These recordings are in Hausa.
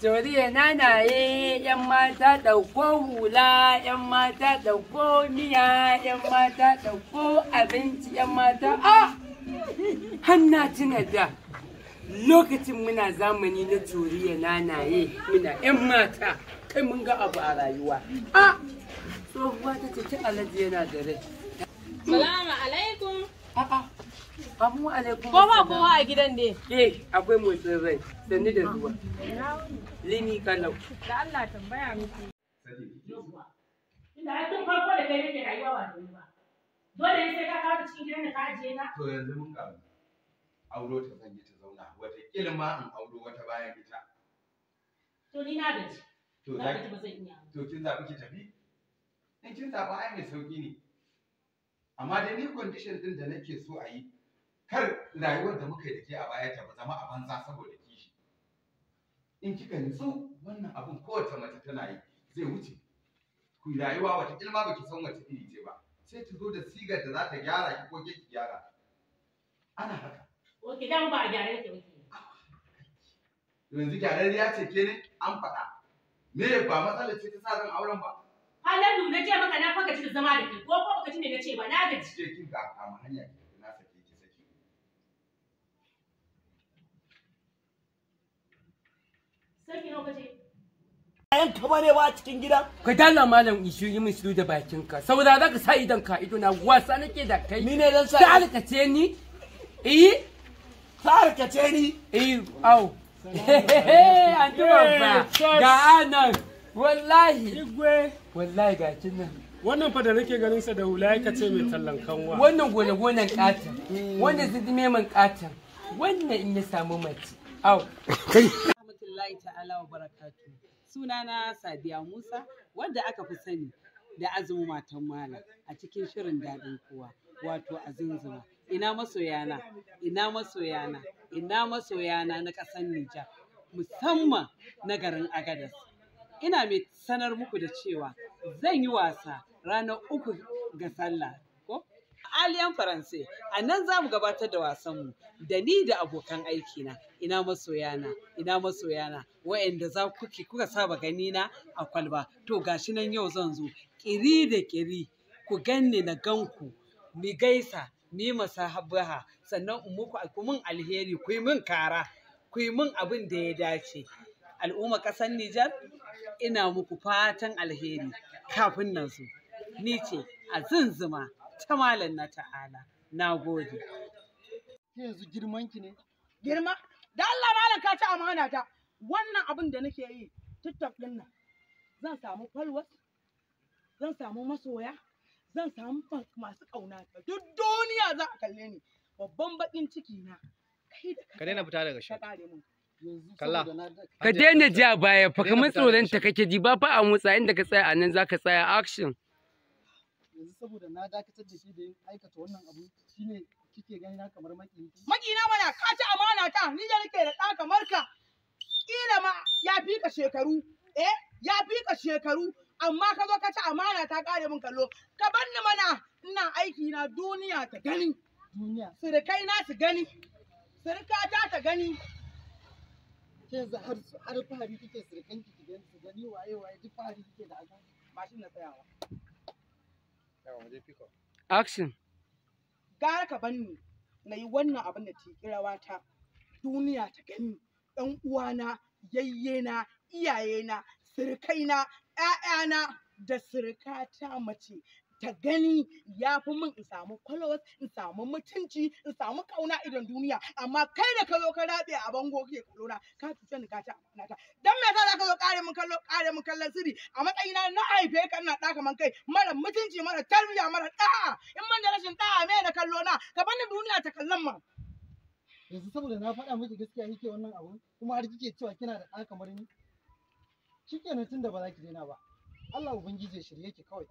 na na nanaye, ‘yan mata ɗauko hula, ‘yan mata ɗauko miya, ‘yan mata ɗauko abinci, ‘yan mata, ah! Hanna tuna da lokacin muna zamani na na nanaye muna ‘yan mata, kai mun ga abu a rayuwa. Ah! Tsohuwa ta ce ta alaji yana da rai. Salamu alaikum. A'a. Amu alaikum. Kowa kowa a gidan ne. Eh, akwai motsin rai, sanni da zuwa. lini kalau da Allah tambaya miki inda ai tun farko da kai nake rayuwa ba da ba dole ne sai ka kawo cikin gidan da ka ajiye na to yanzu mun kawo auro ta zan yi ta zauna wata ilma in auro wata bayan ita to ni na gaji to za ki ba zan iya to kin zabi ki tafi in kin zaba ai mai sauki ne amma dai ni condition din da nake so a yi kar rayuwar da muka yi da ke a baya ta ba zama a banza saboda in kika nutsu wannan abin kowace mace tana yi zai wuce ku rayuwa wata ilma baki san wace iri ce ba sai ki zo da sigar da za ta gyara ki ko ki gyara ana haka Ok, dan ba a gyara ke wuce yanzu ya ce ke ne an faɗa me ba matsalar ce ta sa ran auren ba halin na ce maka na fagaci da zama da kai ko ko baka ne na ce ba na gaji ke kin ga kama hanya Sarki nawa kace? Ayan ka ba a cikin gida? Ka dala malam ishu yi min shiru da bakin ka. Saboda za ka sa idan ka ido na wasa nake da kai. Ni ne dan sa. Ta alkace ni? Eh? Ta alkace ni? Eh, au. An tuba eh, ba. Ga anan. Wallahi. Igwe. Wallahi ga kin nan. wannan fa da nake ganin sa da hula ya kace mai tallan kanwa wannan gona gonan katon wannan zidime man katon wannan in ya samu mace au rahmatullahi ta'ala wa barakatu sunana sadiya musa wanda aka fi sani da azumin matan malam a cikin shirin daɗin kowa wato a azunzuma ina masoyana ina masoyana ina masoyana na ƙasar nijar musamman na garin agadas ina mai sanar muku da cewa zan yi wasa ranar uku ga sallah ko aliyan faransai a nan za mu gabatar da wasanmu da ni da abokan aikina ina masoyana ina masoyana wa'anda za kuke kuka saba gani na a kwalba to gashi nan yau zan zo kiri da kiri ku ganni na ganku mi gaisa mi masahabaha sannan in muku ku mun alheri ku yi mun kara ku yi mun abin da ya dace al'umma ƙasar Nijar ina muku fatan alheri kafin nan su ni ce a zunzuma ta malam na ta'ala na gode yanzu girman ki ne girma da Allah malam ka ci amana ta wannan abin da nake yi tiktok din nan zan samu followers zan samu masoya zan samu masu kauna ta duk duniya za a kalle ni babban bakin ciki na kai da ka daina fita daga shi kalla ka daina ji a baya fa kamar tsoron ta kake ji ba fa a motsa inda ka tsaya a nan zaka tsaya action yanzu saboda na dakatar da shi da aikata wannan abu shine kike kamar maki mana ka amana ta ni da nake da ɗa kamar ka kila ma ya fi ka shekaru eh ya fi ka shekaru amma ka zo ka ci amana ta kare min kallo ka bar mana ina aiki na duniya ta gani sirikai na su gani sirikata ta gani action gara ka banni na yi wannan abin da ta kirawa ta duniya ta gani ɗan uwana yayyena iyayena sirkaina ‘ya'yana da sirkata mace ta gani ya fi min in samu followers in samu mutunci in samu kauna idan duniya amma kai da ka zo ka rabe a bango kake kalona ka cuce ni ka ci ta dan me yasa zaka zo kare min kallo kare min kallon sirri a matsayina na haife ka ina daka man kai mara mutunci mara tarbiya mara da in man da rashin da'a me da kallo na ka bani duniya ta kallon ma yanzu saboda na faɗa miki gaskiya kike wannan abun kuma har kike cewa kina da ɗa kamar ni shikenan tunda ba za ki daina ba Allah ubangiji ya shirye ki kawai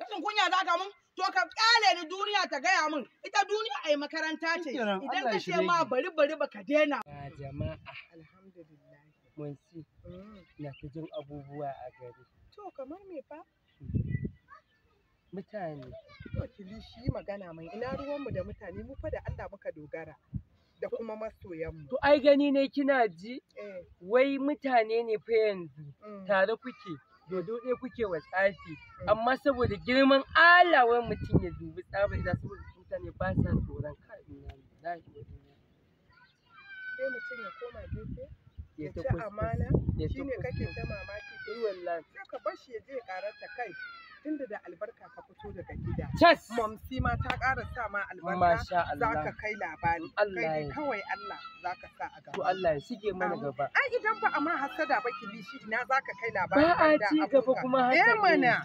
rashin kunya za ka mun to ka kyale ni duniya ta gaya mun ita duniya ai makaranta ce idan ka ce ma bari bari baka daina jama'a alhamdulillah mun ci mm. na ta abubuwa a gari to kamar me fa mutane to shi magana mai ina ruwan mu da mutane mu fa da Allah muka dogara da kuma mu To ai gani ne kina ji? Eh. Wai mutane ne fa yanzu mm. tare kuke. dodo ɗaya kuke wa tsafi mm. amma saboda girman Allah wai mutum ya dubi tsafa idan saboda mutane ba sa tsoron ka'ina sai mutum ya koma gefe ya ci amana shine kake ta mamaki sai wallahi sai ka bar shi ya je ya karanta kai tunda da albarka ka fito daga gida yes mamsi ma ta ƙara sa ma albarka Masha za ka kai labari Allah kai kawai Allah za ka sa a gaba to Allah ya sige mana gaba ai idan ba a ma hasada ba kilishi ina za ka kai labari ba a ci gaba kuma hasada eh mana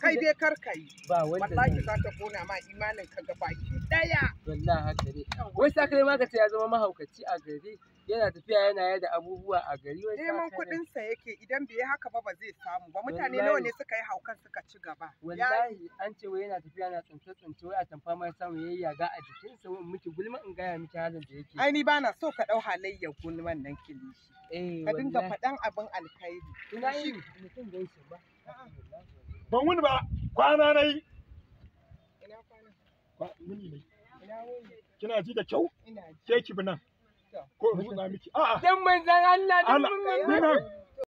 kai dai kar ka yi wallahi za ta kona ma imanin ka gaba ki daya wallahi haka ne wai sa ne ma ka ce ya zama mahaukaci a gari yana tafiya yana yada abubuwa a gari wai neman kuɗin sa yake idan bai haka ba ba zai samu ba mutane nawa ne suka yi haukan suka ci gaba wallahi an ce wai yana tafiya yana tsince tsince wai a tamfa ma samu yayi yaga a jikin sa wai miki gulma in gaya miki halin da yake ai ni bana so ka dau halayyar gulman nan kilishi eh ka dinga fadan abin alkhairi ina yi mutum bai ba ban wuni ba kwana na yi ina kwana wuni ne kina ji da kyau ke ki bi nan ko in miki a'a dan manzan Allah dan Allah